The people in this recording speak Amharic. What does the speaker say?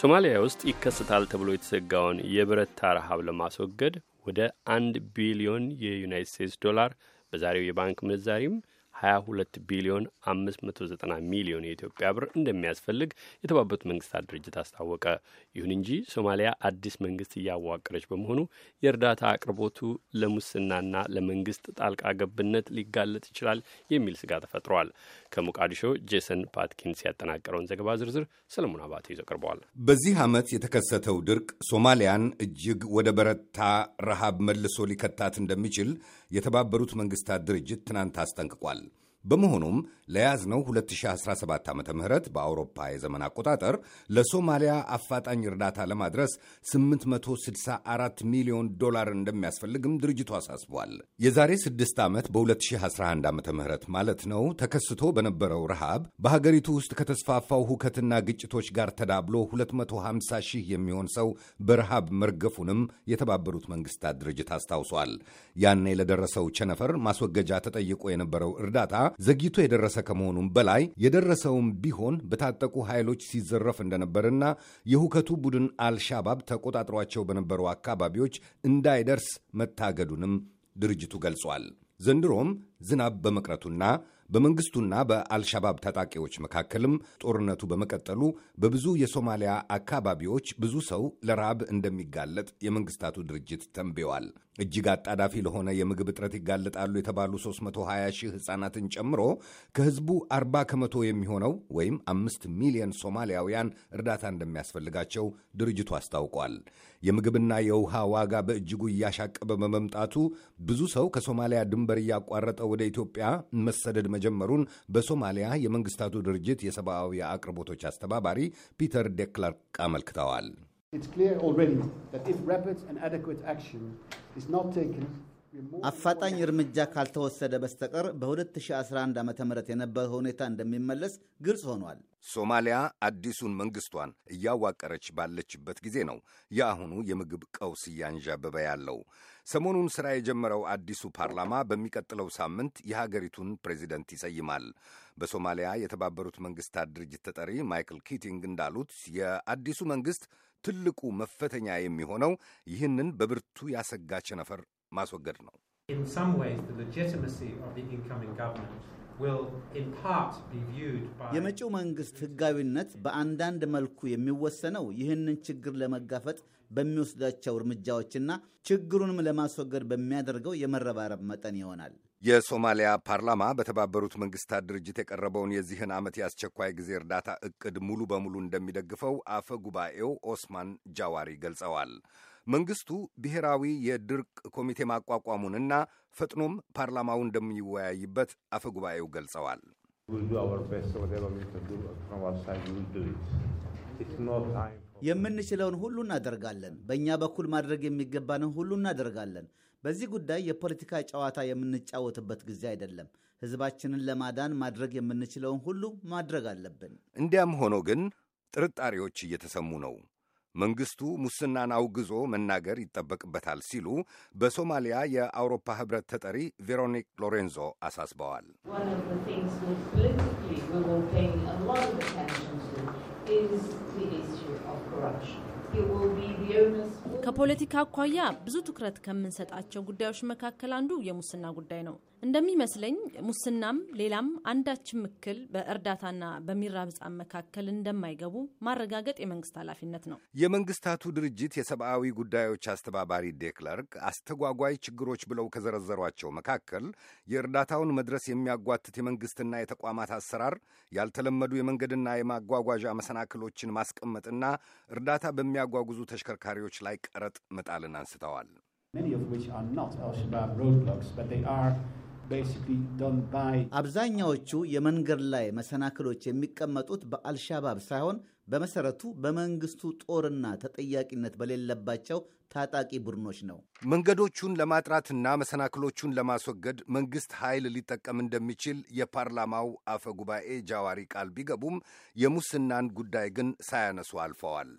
ሶማሊያ ውስጥ ይከሰታል ተብሎ የተዘጋውን የበረታ ረሃብ ለማስወገድ ወደ አንድ ቢሊዮን የዩናይት ስቴትስ ዶላር በዛሬው የባንክ ምንዛሪም 22 ቢሊዮን 590 ሚሊዮን የኢትዮጵያ ብር እንደሚያስፈልግ የተባበሩት መንግስታት ድርጅት አስታወቀ። ይሁን እንጂ ሶማሊያ አዲስ መንግስት እያዋቀረች በመሆኑ የእርዳታ አቅርቦቱ ለሙስናና ለመንግስት ጣልቃ ገብነት ሊጋለጥ ይችላል የሚል ስጋ ተፈጥሯል። ከሞቃዲሾ ጄሰን ፓትኪንስ ያጠናቀረውን ዘገባ ዝርዝር ሰለሞን አባቴ ይዞ ቀርበዋል። በዚህ ዓመት የተከሰተው ድርቅ ሶማሊያን እጅግ ወደ በረታ ረሃብ መልሶ ሊከታት እንደሚችል የተባበሩት መንግስታት ድርጅት ትናንት አስጠንቅቋል። በመሆኑም ለያዝነው 2017 ዓ ም በአውሮፓ የዘመን አቆጣጠር ለሶማሊያ አፋጣኝ እርዳታ ለማድረስ 864 ሚሊዮን ዶላር እንደሚያስፈልግም ድርጅቱ አሳስቧል። የዛሬ ስድስት ዓመት በ2011 ዓ ም ማለት ነው ተከስቶ በነበረው ረሃብ በሀገሪቱ ውስጥ ከተስፋፋው ሁከትና ግጭቶች ጋር ተዳብሎ 250 ሺህ የሚሆን ሰው በረሃብ መርገፉንም የተባበሩት መንግስታት ድርጅት አስታውሷል። ያኔ ለደረሰው ቸነፈር ማስወገጃ ተጠይቆ የነበረው እርዳታ ዘግይቶ የደረሰ የደረሰ ከመሆኑም በላይ የደረሰውም ቢሆን በታጠቁ ኃይሎች ሲዘረፍ እንደነበርና የሁከቱ ቡድን አልሻባብ ተቆጣጥሯቸው በነበሩ አካባቢዎች እንዳይደርስ መታገዱንም ድርጅቱ ገልጿል። ዘንድሮም ዝናብ በመቅረቱና በመንግስቱና በአልሻባብ ታጣቂዎች መካከልም ጦርነቱ በመቀጠሉ በብዙ የሶማሊያ አካባቢዎች ብዙ ሰው ለረሃብ እንደሚጋለጥ የመንግስታቱ ድርጅት ተንብዋል። እጅግ አጣዳፊ ለሆነ የምግብ እጥረት ይጋለጣሉ የተባሉ 320 ሺህ ሕፃናትን ጨምሮ ከህዝቡ 40 ከመቶ የሚሆነው ወይም አምስት ሚሊዮን ሶማሊያውያን እርዳታ እንደሚያስፈልጋቸው ድርጅቱ አስታውቋል። የምግብና የውሃ ዋጋ በእጅጉ እያሻቀበ በመምጣቱ ብዙ ሰው ከሶማሊያ ድንበር እያቋረጠ ወደ ኢትዮጵያ መሰደድ መጀመሩን በሶማሊያ የመንግስታቱ ድርጅት የሰብአዊ አቅርቦቶች አስተባባሪ ፒተር ዴክላርክ አመልክተዋል። አፋጣኝ እርምጃ ካልተወሰደ በስተቀር በ2011 ዓ ም የነበረ ሁኔታ እንደሚመለስ ግልጽ ሆኗል። ሶማሊያ አዲሱን መንግስቷን እያዋቀረች ባለችበት ጊዜ ነው የአሁኑ የምግብ ቀውስ እያንዣበበ ያለው። ሰሞኑን ሥራ የጀመረው አዲሱ ፓርላማ በሚቀጥለው ሳምንት የሀገሪቱን ፕሬዚደንት ይሰይማል። በሶማሊያ የተባበሩት መንግስታት ድርጅት ተጠሪ ማይክል ኪቲንግ እንዳሉት የአዲሱ መንግስት ትልቁ መፈተኛ የሚሆነው ይህንን በብርቱ ያሰጋ ቸነፈር ማስወገድ ነው። የመጪው መንግስት ህጋዊነት በአንዳንድ መልኩ የሚወሰነው ይህንን ችግር ለመጋፈጥ በሚወስዳቸው እርምጃዎችና ችግሩንም ለማስወገድ በሚያደርገው የመረባረብ መጠን ይሆናል። የሶማሊያ ፓርላማ በተባበሩት መንግስታት ድርጅት የቀረበውን የዚህን ዓመት የአስቸኳይ ጊዜ እርዳታ እቅድ ሙሉ በሙሉ እንደሚደግፈው አፈ ጉባኤው ኦስማን ጃዋሪ ገልጸዋል። መንግስቱ ብሔራዊ የድርቅ ኮሚቴ ማቋቋሙንና ፈጥኖም ፓርላማው እንደሚወያይበት አፈ ጉባኤው ገልጸዋል። የምንችለውን ሁሉ እናደርጋለን። በእኛ በኩል ማድረግ የሚገባንን ሁሉ እናደርጋለን። በዚህ ጉዳይ የፖለቲካ ጨዋታ የምንጫወትበት ጊዜ አይደለም። ሕዝባችንን ለማዳን ማድረግ የምንችለውን ሁሉ ማድረግ አለብን። እንዲያም ሆኖ ግን ጥርጣሬዎች እየተሰሙ ነው። መንግስቱ ሙስናን አውግዞ መናገር ይጠበቅበታል ሲሉ በሶማሊያ የአውሮፓ ህብረት ተጠሪ ቬሮኒክ ሎሬንዞ አሳስበዋል። ከፖለቲካ አኳያ ብዙ ትኩረት ከምንሰጣቸው ጉዳዮች መካከል አንዱ የሙስና ጉዳይ ነው። እንደሚመስለኝ ሙስናም ሌላም አንዳች እክል በእርዳታና በሚራብ ሕፃን መካከል እንደማይገቡ ማረጋገጥ የመንግስት ኃላፊነት ነው። የመንግስታቱ ድርጅት የሰብአዊ ጉዳዮች አስተባባሪ ዴክለርክ አስተጓጓይ ችግሮች ብለው ከዘረዘሯቸው መካከል የእርዳታውን መድረስ የሚያጓትት የመንግስትና የተቋማት አሰራር፣ ያልተለመዱ የመንገድና የማጓጓዣ መሰናክሎችን ማስቀመጥና እርዳታ በሚያጓጉዙ ተሽከርካሪዎች ላይ ቀረጥ መጣልን አንስተዋል። አብዛኛዎቹ የመንገድ ላይ መሰናክሎች የሚቀመጡት በአልሻባብ ሳይሆን በመሰረቱ በመንግስቱ ጦርና ተጠያቂነት በሌለባቸው ታጣቂ ቡድኖች ነው። መንገዶቹን ለማጥራትና መሰናክሎቹን ለማስወገድ መንግስት ኃይል ሊጠቀም እንደሚችል የፓርላማው አፈ ጉባኤ ጃዋሪ ቃል ቢገቡም የሙስናን ጉዳይ ግን ሳያነሱ አልፈዋል።